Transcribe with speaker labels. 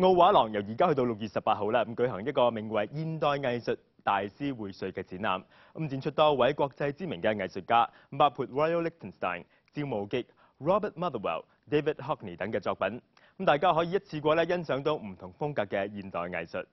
Speaker 1: 奧畫廊由而家去到六月十八號啦，咁舉行一個名為《現代藝術大師薈萃》嘅展覽，咁展出多位國際知名嘅藝術家，包括 Roy Lichtenstein、趙無極、Robert Motherwell、David Hockney 等嘅作品，咁大家可以一次過咧欣賞到唔同風格嘅現代藝術。